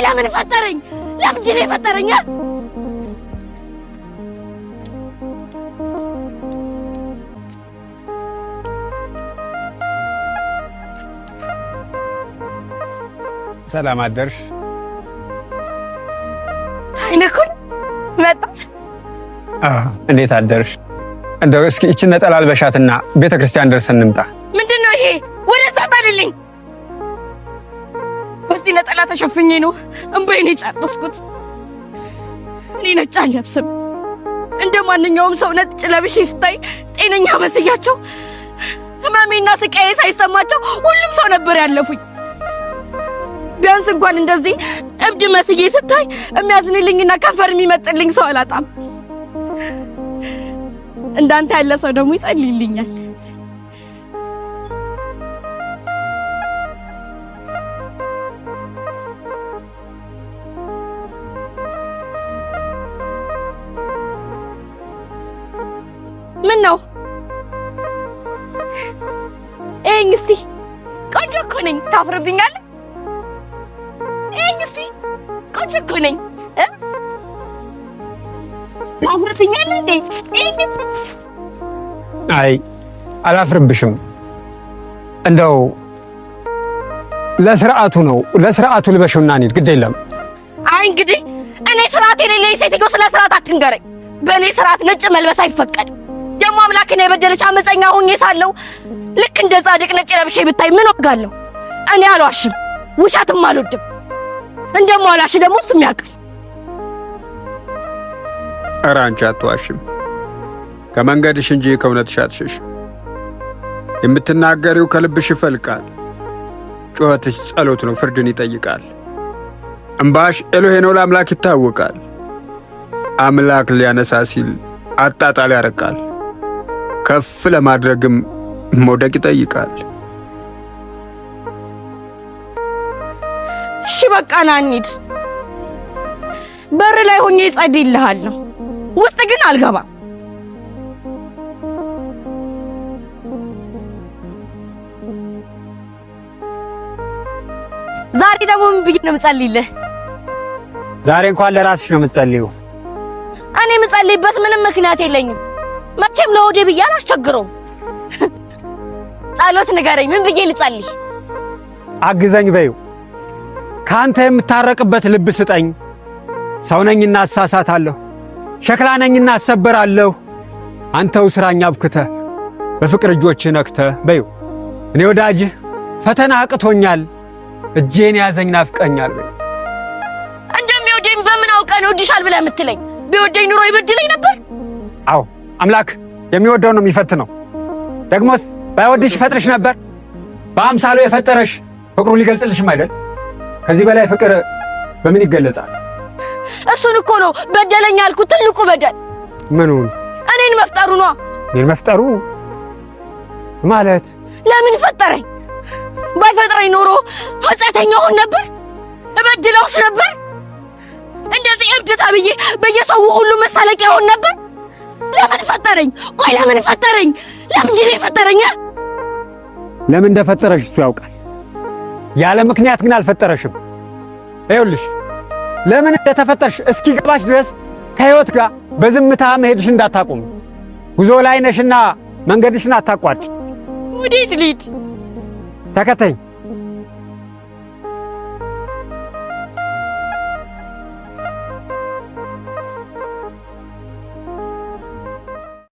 ቆይ ለምን ፈጠረኝ? ለምንድን ነው የፈጠረኝ? ሰላም አደርሽ። አይነኩን መጣ። እንዴት አደርሽ? እንደው እስኪ ይችን ነጠላ አልበሻትና ቤተ ክርስቲያን ደርሰን እንምጣ። ምንድን ነው ይሄ? ወደ እዛ ጣልልኝ በዚህ ነጠላ ተሸፍኜ ነው እንባዬን የጨረስኩት። እኔ ነጭ አልለብስም። እንደ ማንኛውም ሰው ነጭ ለብሼ ስታይ ጤነኛ መስያቸው፣ ህመሜና ስቃዬ ሳይሰማቸው ሁሉም ሰው ነበር ያለፉኝ። ቢያንስ እንኳን እንደዚህ እብድ መስዬ ስታይ የሚያዝንልኝና ከንፈር የሚመጥልኝ ሰው አላጣም። እንዳንተ ያለ ሰው ደግሞ ይጸልይልኛል። ምን ነው እኝ እስቲ ቆንጆ እኮ ነኝ። ታፍርብኛል። እኝ እስቲ ቆንጆ እኮ ነኝ። ታፍርብኛል እንዴ? አይ አላፍርብሽም። እንደው ለስርዓቱ ነው ለስርዓቱ ልበሽውና እንሂድ። ግድ የለም። አይ እንግዲህ እኔ ስርዓት የሌለኝ ሴትዮ ስለ ስርዓት አትንገረኝ። በእኔ ስርዓት ነጭ መልበስ አይፈቀድም። ደግሞ አምላክን የበደለች አመፀኛ ሆኜ ሳለው ልክ እንደ ጻድቅ ነጭ ለብሼ ብታይ ምን ወጋለሁ? እኔ አልዋሽም፣ ውሻትም አልወድም። እንደማላሽ ደግሞ እሱም ያውቃል። ኧረ አንቺ አትዋሽም ከመንገድሽ እንጂ ከእውነትሽ አትሸሽም። የምትናገሪው ከልብሽ ይፈልቃል። ጩኸትሽ ጸሎት ነው፣ ፍርድን ይጠይቃል። እምባሽ ኤሎሄ ነው ለአምላክ ይታወቃል። አምላክ ሊያነሳ ሲል አጣጣል ያረቃል። ከፍ ለማድረግም መውደቅ ይጠይቃል። እሺ በቃ ና እንሂድ። በር ላይ ሆኜ እጸልይልሃለሁ፣ ውስጥ ግን አልገባም። ዛሬ ደግሞ ምን ብዬ ነው የምጸልይልህ? ዛሬ እንኳን ለራስሽ ነው የምትጸልዩ። እኔ የምጸልይበት ምንም ምክንያት የለኝም። መቼም ለወዴ ብዬ አላስቸግረውም። ጸሎት ንገረኝ፣ ምን ብዬ ልጸልይ? አግዘኝ በይው። ከአንተ የምታረቅበት ልብ ስጠኝ። ሰውነኝና አሳሳታለሁ፣ ሸክላነኝና አሰበራለሁ። አንተው ስራኝ አብክተ በፍቅር እጆች ነክተ በይው። እኔ ወዳጅህ ፈተና አቅቶኛል፣ እጄን ያዘኝ ናፍቀኛል። እንደሚወደኝ በምን አውቀ ነው እድሻል ብለህ የምትለኝ? ቢወደኝ ኑሮ ይበድለኝ ነበር። አዎ አምላክ የሚወደው ነው የሚፈትነው። ደግሞስ ባይወድሽ ይፈጥርሽ ነበር። በአምሳሉ የፈጠረሽ ፍቅሩ ሊገልጽልሽም አይደል? ከዚህ በላይ ፍቅር በምን ይገለጻል? እሱን እኮ ነው በደለኝ አልኩ። ትልቁ በደል ምኑን? እኔን መፍጠሩ ነው። እኔን መፍጠሩ ማለት ለምን ፈጠረኝ? ባይፈጥረኝ ኖሮ ኃጢአተኛ ሆን ነበር፣ እበድለውስ ነበር። እንደዚህ እብድ ተብዬ በየሰው ሁሉ መሳለቂያ ሆን ነበር። ለምን ፈጠረኝ? ቆይ ለምን ፈጠረኝ? ለምንድን ነው የፈጠረኝ? ለምን እንደፈጠረሽ እሱ ያውቃል። ያለ ምክንያት ግን አልፈጠረሽም። ይኸውልሽ ለምን እንደተፈጠርሽ እስኪገባሽ ድረስ ከህይወት ጋር በዝምታ መሄድሽ እንዳታቆም። ጉዞ ላይ ነሽና መንገድሽን አታቋጭ። ወዴት ልሂድ? ተከተኝ።